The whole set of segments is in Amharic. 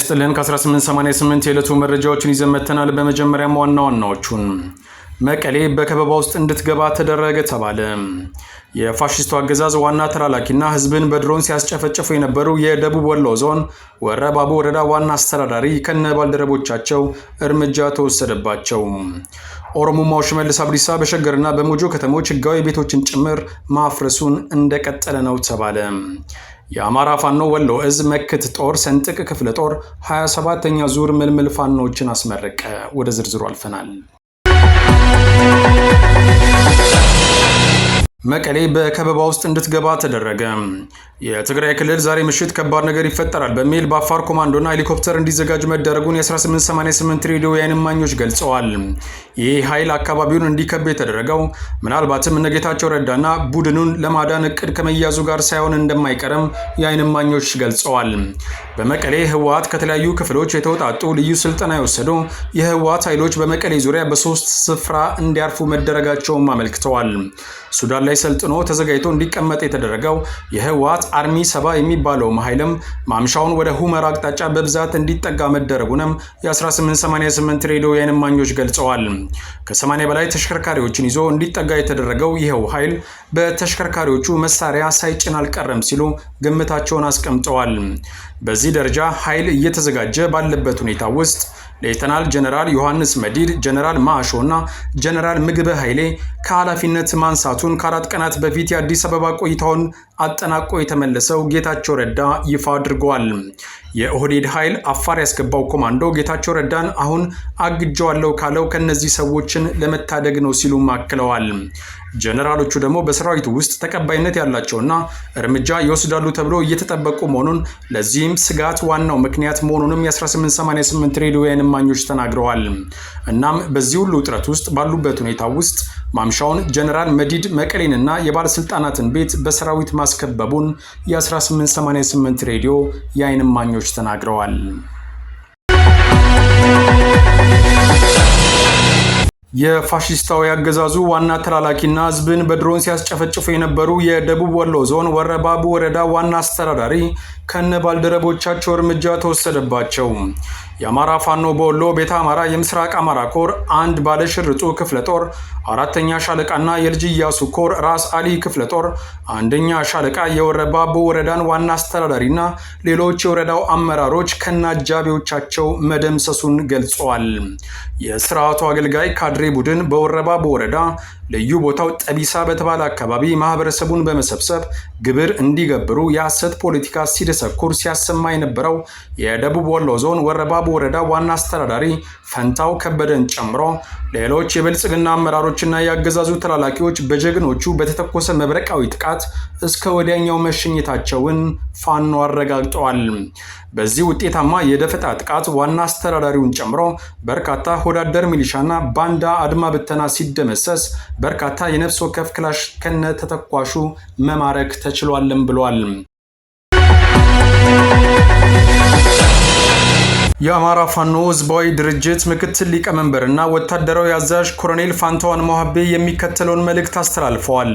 ይስጥልን ከ1888 የዕለቱ መረጃዎችን ይዘን መጥተናል። በመጀመሪያም ዋና ዋናዎቹን መቀሌ በከበባ ውስጥ እንድትገባ ተደረገ ተባለ። የፋሽስቱ አገዛዝ ዋና ተላላኪና ህዝብን በድሮን ሲያስጨፈጨፉ የነበሩ የደቡብ ወሎ ዞን ወረባቡ ወረዳ ዋና አስተዳዳሪ ከነ ባልደረቦቻቸው እርምጃ ተወሰደባቸው። ኦሮሞማው ሽመልስ አብዲሳ በሸገርና በሞጆ ከተሞች ህጋዊ ቤቶችን ጭምር ማፍረሱን እንደቀጠለ ነው ተባለ። የአማራ ፋኖ ወሎ እዝ መክት ጦር ሰንጥቅ ክፍለ ጦር 27 ተኛ ዙር ምልምል ፋኖዎችን አስመረቀ። ወደ ዝርዝሩ አልፈናል። መቀሌ በከበባ ውስጥ እንድትገባ ተደረገ። የትግራይ ክልል ዛሬ ምሽት ከባድ ነገር ይፈጠራል በሚል በአፋር ኮማንዶና ሄሊኮፕተር እንዲዘጋጅ መደረጉን የ1888 ሬዲዮ የዓይን እማኞች ገልጸዋል። ይህ ኃይል አካባቢውን እንዲከብ የተደረገው ምናልባትም እነ ጌታቸው ረዳና ቡድኑን ለማዳን እቅድ ከመያዙ ጋር ሳይሆን እንደማይቀርም የዓይን እማኞች ገልጸዋል። በመቀሌ ህወሓት ከተለያዩ ክፍሎች የተውጣጡ ልዩ ስልጠና የወሰዱ የህወሓት ኃይሎች በመቀሌ ዙሪያ በሶስት ስፍራ እንዲያርፉ መደረጋቸውም አመልክተዋል። ሱዳን ላይ ሰልጥኖ ተዘጋጅቶ እንዲቀመጥ የተደረገው የህወሓት አርሚ ሰባ የሚባለው ኃይልም ማምሻውን ወደ ሁመራ አቅጣጫ በብዛት እንዲጠጋ መደረጉንም የ1888 ሬዲዮ የዓይን እማኞች ገልጸዋል። ከ80 በላይ ተሽከርካሪዎችን ይዞ እንዲጠጋ የተደረገው ይኸው ኃይል በተሽከርካሪዎቹ መሳሪያ ሳይጭን አልቀረም ሲሉ ግምታቸውን አስቀምጠዋል። በዚህ ደረጃ ኃይል እየተዘጋጀ ባለበት ሁኔታ ውስጥ ሌተናል ጀነራል ዮሐንስ መዲድ፣ ጀነራል ማዕሾ እና ጀነራል ምግበ ኃይሌ ከኃላፊነት ማንሳቱን ከአራት ቀናት በፊት የአዲስ አበባ ቆይታውን አጠናቆ የተመለሰው ጌታቸው ረዳ ይፋ አድርገዋል። የኦህዴድ ኃይል አፋር ያስገባው ኮማንዶ ጌታቸው ረዳን አሁን አግጀዋለሁ ካለው ከእነዚህ ሰዎችን ለመታደግ ነው ሲሉ አክለዋል። ጀነራሎቹ ደግሞ በሰራዊቱ ውስጥ ተቀባይነት ያላቸውና እርምጃ ይወስዳሉ ተብሎ እየተጠበቁ መሆኑን ለዚህም ስጋት ዋናው ምክንያት መሆኑንም የ1888 ሬዲዮ የንማኞች ተናግረዋል። እናም በዚህ ሁሉ ውጥረት ውስጥ ባሉበት ሁኔታ ውስጥ ማምሻውን ጀነራል መዲድ መቀሌንና የባለስልጣናትን ቤት በሰራዊት ማስከበቡን የ1888 ሬዲዮ የዓይን እማኞች ተናግረዋል። የፋሽስታዊ አገዛዙ ዋና ተላላኪና ህዝብን በድሮን ሲያስጨፈጭፉ የነበሩ የደቡብ ወሎ ዞን ወረባቡ ወረዳ ዋና አስተዳዳሪ ከነ ባልደረቦቻቸው እርምጃ ተወሰደባቸው። የአማራ ፋኖ በወሎ ቤተ አማራ የምስራቅ አማራ ኮር አንድ ባለሽርጡ ክፍለ ጦር አራተኛ ሻለቃና የልጅ እያሱ ኮር ራስ አሊ ክፍለ ጦር አንደኛ ሻለቃ የወረባቦ ወረዳን ዋና አስተዳዳሪና ሌሎች የወረዳው አመራሮች ከነአጃቢዎቻቸው መደምሰሱን ገልጸዋል። የስርዓቱ አገልጋይ ካድሬ ቡድን በወረባቦ ወረዳ ልዩ ቦታው ጠቢሳ በተባለ አካባቢ ማህበረሰቡን በመሰብሰብ ግብር እንዲገብሩ የሐሰት ፖለቲካ ሲደስ እየሰኩር ሲያሰማ የነበረው የደቡብ ወሎ ዞን ወረባ ወረዳ ዋና አስተዳዳሪ ፈንታው ከበደን ጨምሮ ሌሎች የብልጽግና አመራሮችና የአገዛዙ ተላላኪዎች በጀግኖቹ በተተኮሰ መብረቃዊ ጥቃት እስከ ወዲያኛው መሸኘታቸውን ፋኖ አረጋግጠዋል። በዚህ ውጤታማ የደፈጣ ጥቃት ዋና አስተዳዳሪውን ጨምሮ በርካታ ሆዳደር ሚሊሻና ባንዳ አድማ ብተና ሲደመሰስ በርካታ የነፍስ ወከፍ ክላሽ ከነ ተተኳሹ መማረክ ተችሏልም ብሏል። የአማራ ፋኖ ህዝባዊ ድርጅት ምክትል ሊቀመንበር እና ወታደራዊ አዛዥ ኮሎኔል ፋንታዋን ሞሀቤ የሚከተለውን መልእክት አስተላልፈዋል።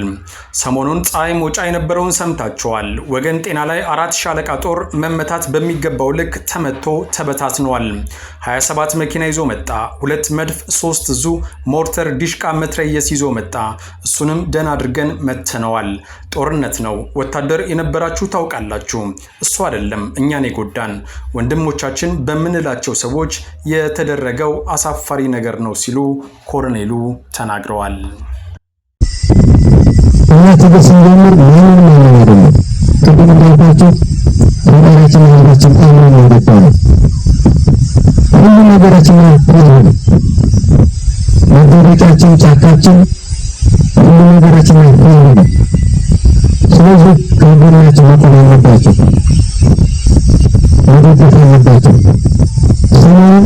ሰሞኑን ፀሐይ መውጫ የነበረውን ሰምታችኋል። ወገን ጤና ላይ አራት ሻለቃ ጦር መመታት በሚገባው ልክ ተመቶ ተበታትኗል። 27 መኪና ይዞ መጣ። ሁለት መድፍ፣ ሶስት ዙ፣ ሞርተር፣ ዲሽቃ፣ መትረየስ ይዞ መጣ። እሱንም ደን አድርገን መተነዋል። ጦርነት ነው። ወታደር የነበራችሁ ታውቃላችሁ። እሱ አይደለም እኛን የጎዳን ወንድሞቻችን በምን ለምንላቸው ሰዎች የተደረገው አሳፋሪ ነገር ነው ሲሉ ኮሎኔሉ ተናግረዋል። እኛ ትግል ስንጀምር አይደለም። ቅድም እንዳልኳቸው ሀገራችን ነው። ሁሉም ነገራችን ነው። ጫካችን፣ ነገራችን ነው። ስለዚህ ከጎናችን መቆም አለባቸው መደገፍ አለባቸው። Pasangan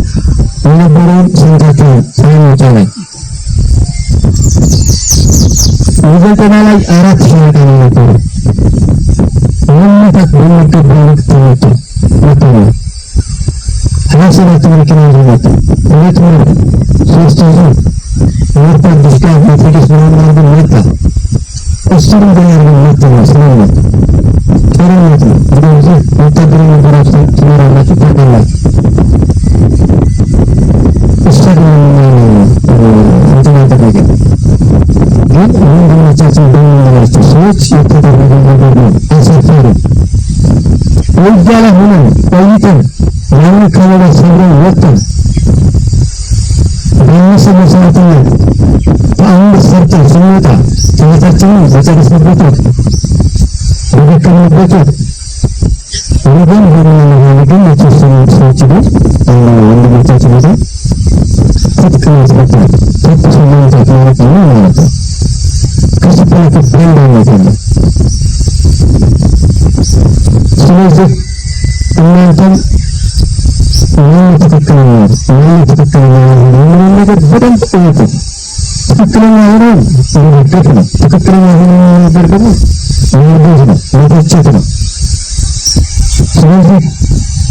Liburan Sindaki Sayang Utara Bukan penalai Arab Sayang Kami Itu Memintak Bentuk Bentuk Tentu Betul Anak Saya Tuhan Kini Jangat Ini Tuhan Saya Setuju Merta Bishka Bipikis Muhammad Merta Pasti Dengan Merta Selamat Selamat Selamat Selamat Selamat Selamat Selamat Selamat Selamat Selamat Selamat መውሰድ እንትን አልተደረገም። ግን ወንድሞቻችን በምንላቸው ಸತ್ಕಾರಿಸಬೇಕು ತಪ್ಪು ಸಂಬಂಧಪಟ್ಟವನ್ನು ಮಾಡಬೇಕು ಕಷ್ಟಪಡಕ್ಕೆ ಬಂದಾಗಿದೆ ስለዚህ እናንተም ማን ትክክለኛ ማን ትክክለኛ የሚለውን ነገር በደንብ እወቁ። ትክክለኛ የሆነውን መደገፍ ነው። ትክክለኛ የሆነውን ነገር ደግሞ ማርገዝ ነው፣ መተቸት ነው። ስለዚህ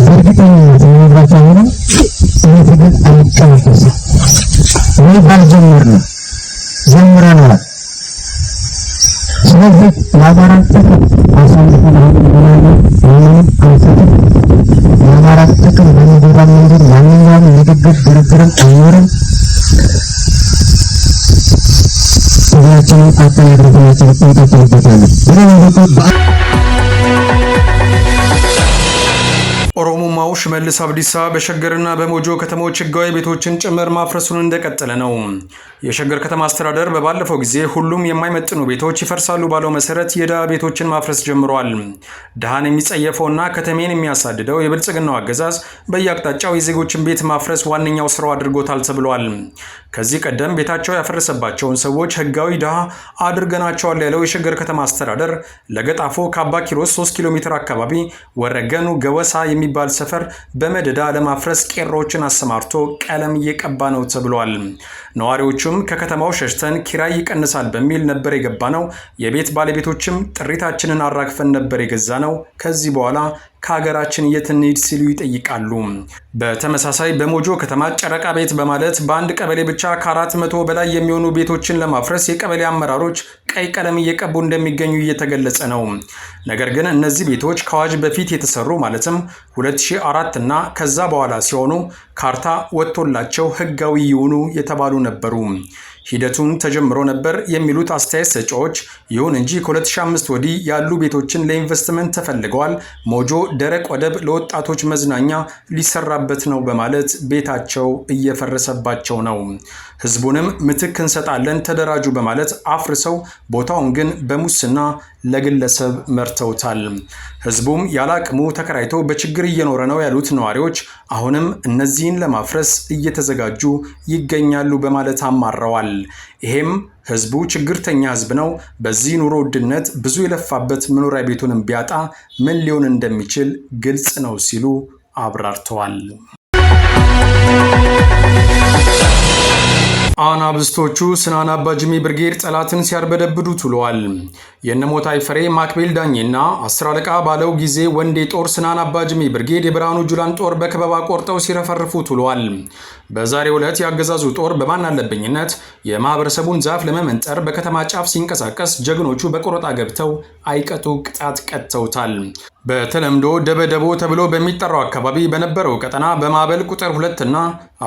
በእርግጠኝነት የሚባል ከሆነ እውነት ግን አልቀለፈሰም መባል ጀመርን ጀምረናል። ስለዚህ የአማራን ሽመልስ አብዲሳ በሸገርና በሞጆ ከተሞች ህጋዊ ቤቶችን ጭምር ማፍረሱን እንደቀጠለ ነው። የሸገር ከተማ አስተዳደር በባለፈው ጊዜ ሁሉም የማይመጥኑ ቤቶች ይፈርሳሉ ባለው መሰረት የድሃ ቤቶችን ማፍረስ ጀምረዋል። ድሃን የሚጸየፈውና ከተሜን የሚያሳድደው የብልጽግናው አገዛዝ በየአቅጣጫው የዜጎችን ቤት ማፍረስ ዋነኛው ስራው አድርጎታል ተብሏል። ከዚህ ቀደም ቤታቸው ያፈረሰባቸውን ሰዎች ህጋዊ ድሃ አድርገናቸዋል ያለው የሸገር ከተማ አስተዳደር ለገጣፎ ከአባ ኪሮስ 3 ኪሎ ሜትር አካባቢ ወረገኑ ገወሳ የሚባል ሰፈር በመደዳ ለማፍረስ ቄሮችን አሰማርቶ ቀለም እየቀባ ነው ተብሏል። ነዋሪዎቹ ነዋሪዎቹም ከከተማው ሸሽተን ኪራይ ይቀንሳል በሚል ነበር የገባ ነው። የቤት ባለቤቶችም ጥሪታችንን አራግፈን ነበር የገዛ ነው። ከዚህ በኋላ ከሀገራችን የት እንሂድ ሲሉ ይጠይቃሉ። በተመሳሳይ በሞጆ ከተማ ጨረቃ ቤት በማለት በአንድ ቀበሌ ብቻ ከአራት መቶ በላይ የሚሆኑ ቤቶችን ለማፍረስ የቀበሌ አመራሮች ቀይ ቀለም እየቀቡ እንደሚገኙ እየተገለጸ ነው። ነገር ግን እነዚህ ቤቶች ከአዋጅ በፊት የተሰሩ ማለትም 2004 እና ከዛ በኋላ ሲሆኑ ካርታ ወጥቶላቸው ህጋዊ ይሆኑ የተባሉ ነበሩ። ሂደቱን ተጀምሮ ነበር የሚሉት አስተያየት ሰጪዎች፣ ይሁን እንጂ ከ2005 ወዲህ ያሉ ቤቶችን ለኢንቨስትመንት ተፈልገዋል። ሞጆ ደረቅ ወደብ ለወጣቶች መዝናኛ ሊሰራበት ነው በማለት ቤታቸው እየፈረሰባቸው ነው። ህዝቡንም ምትክ እንሰጣለን ተደራጁ በማለት አፍርሰው ቦታውን ግን በሙስና ለግለሰብ መርተውታል። ህዝቡም ያላቅሙ ተከራይቶ በችግር እየኖረ ነው ያሉት ነዋሪዎች አሁንም እነዚህን ለማፍረስ እየተዘጋጁ ይገኛሉ በማለት አማረዋል። ይሄም ህዝቡ ችግርተኛ ህዝብ ነው፣ በዚህ ኑሮ ውድነት ብዙ የለፋበት መኖሪያ ቤቱንም ቢያጣ ምን ሊሆን እንደሚችል ግልጽ ነው ሲሉ አብራርተዋል። አናብስቶቹ ስናን አባጅሜ ብርጌድ ጠላትን ሲያርበደብዱ ውለዋል። የነሞታይ ፍሬ ማክቤል ዳኝና አስር አለቃ ባለው ጊዜ ወንዴ ጦር ስናን አባጅሚ ብርጌድ የብርሃኑ ጁላን ጦር በከበባ ቆርጠው ሲረፈርፉ ውለዋል። በዛሬ ዕለት ያገዛዙ ጦር በማናለብኝነት የማህበረሰቡን ዛፍ ለመመንጠር በከተማ ጫፍ ሲንቀሳቀስ ጀግኖቹ በቆረጣ ገብተው አይቀጡ ቅጣት ቀጥተውታል። በተለምዶ ደበደቦ ተብሎ በሚጠራው አካባቢ በነበረው ቀጠና በማዕበል ቁጥር ሁለትና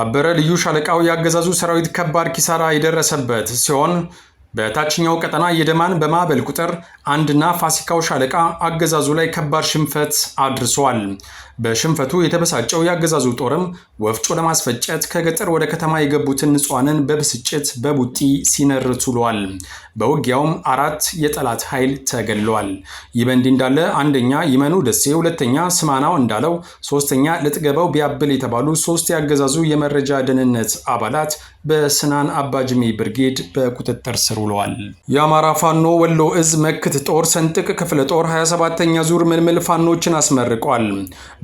አበረ ልዩ ሻለቃው ያገዛዙ ሰራዊት ከባድ ኪሳራ የደረሰበት ሲሆን በታችኛው ቀጠና የደማን በማዕበል ቁጥር አንድና ፋሲካው ሻለቃ አገዛዙ ላይ ከባድ ሽንፈት አድርሰዋል። በሽንፈቱ የተበሳጨው የአገዛዙ ጦርም ወፍጮ ለማስፈጨት ከገጠር ወደ ከተማ የገቡትን ንጹሐንን በብስጭት በቡጢ ሲነርት ውሏል። በውጊያውም አራት የጠላት ኃይል ተገድለዋል። ይህ በእንዲህ እንዳለ አንደኛ ይመኑ ደሴ፣ ሁለተኛ ስማናው እንዳለው፣ ሶስተኛ ልጥገበው ቢያብል የተባሉ ሶስት የአገዛዙ የመረጃ ደህንነት አባላት በስናን አባጅሜ ብርጌድ በቁጥጥር ስር ውለዋል። የአማራ ፋኖ ወሎ እዝ መክት ጦር ሰንጥቅ ክፍለ ጦር 27ኛ ዙር ምልምል ፋኖችን አስመርቋል።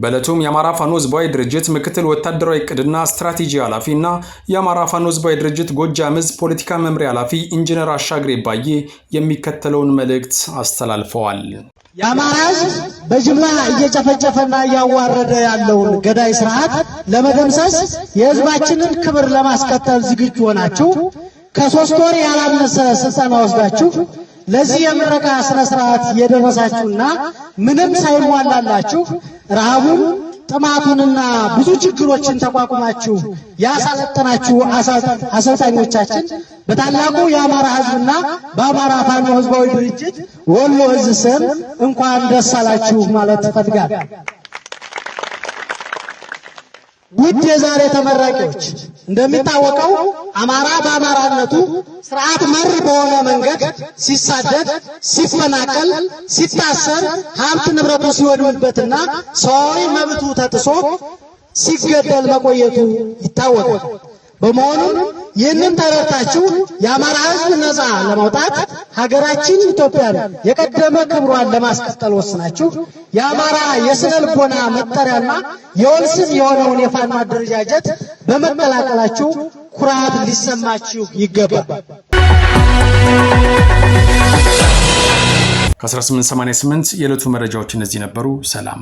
በዕለቱም የአማራ ፋኖ ህዝባዊ ድርጅት ምክትል ወታደራዊ እቅድና ስትራቴጂ ኃላፊ እና የአማራ ፋኖ ህዝባዊ ድርጅት ጎጃም ዕዝ ፖለቲካ መምሪያ ኃላፊ ኢንጂነር አሻግሬ ባዬ የሚከተለውን መልእክት አስተላልፈዋል። የአማራ ህዝብ በጅምላ እየጨፈጨፈና እያዋረደ ያለውን ገዳይ ስርዓት ለመደምሰስ የህዝባችንን ክብር ለማስከተል ዝግጁ ሆናችሁ ከሶስት ወር ያላነሰ ስልጠና ወስዳችሁ ለዚህ የምረቃ ስነ ስርዓት የደረሳችሁና ምንም ሳይሟላላችሁ ረሃቡን ጥማቱንና ብዙ ችግሮችን ተቋቁማችሁ ያሳሰጠናችሁ አሰልጣኞቻችን በታላቁ የአማራ ህዝብና በአማራ ፋኖ ህዝባዊ ድርጅት ወሎ እዝ ስም እንኳን ደስ አላችሁ ማለት እፈልጋለሁ። ውድ የዛሬ ተመራቂዎች እንደሚታወቀው አማራ በአማራነቱ ስርዓት መር በሆነ መንገድ ሲሳደድ፣ ሲፈናቀል፣ ሲታሰር ሀብት ንብረቱ ሲወድምበትና ሰዋዊ መብቱ ተጥሶ ሲገደል መቆየቱ ይታወቃል። በመሆኑ ይህንን ተረታችሁ የአማራ ሕዝብ ነፃ ለማውጣት ሀገራችን ኢትዮጵያን የቀደመ ክብሯን ለማስቀጠል ወስናችሁ የአማራ የስነ ልቦና መጠሪያና የወል ስም የሆነውን የፋኖ አደረጃጀት በመቀላቀላችሁ ኩራት ሊሰማችሁ ይገባል። ከ1888 የዕለቱ መረጃዎች እነዚህ ነበሩ። ሰላም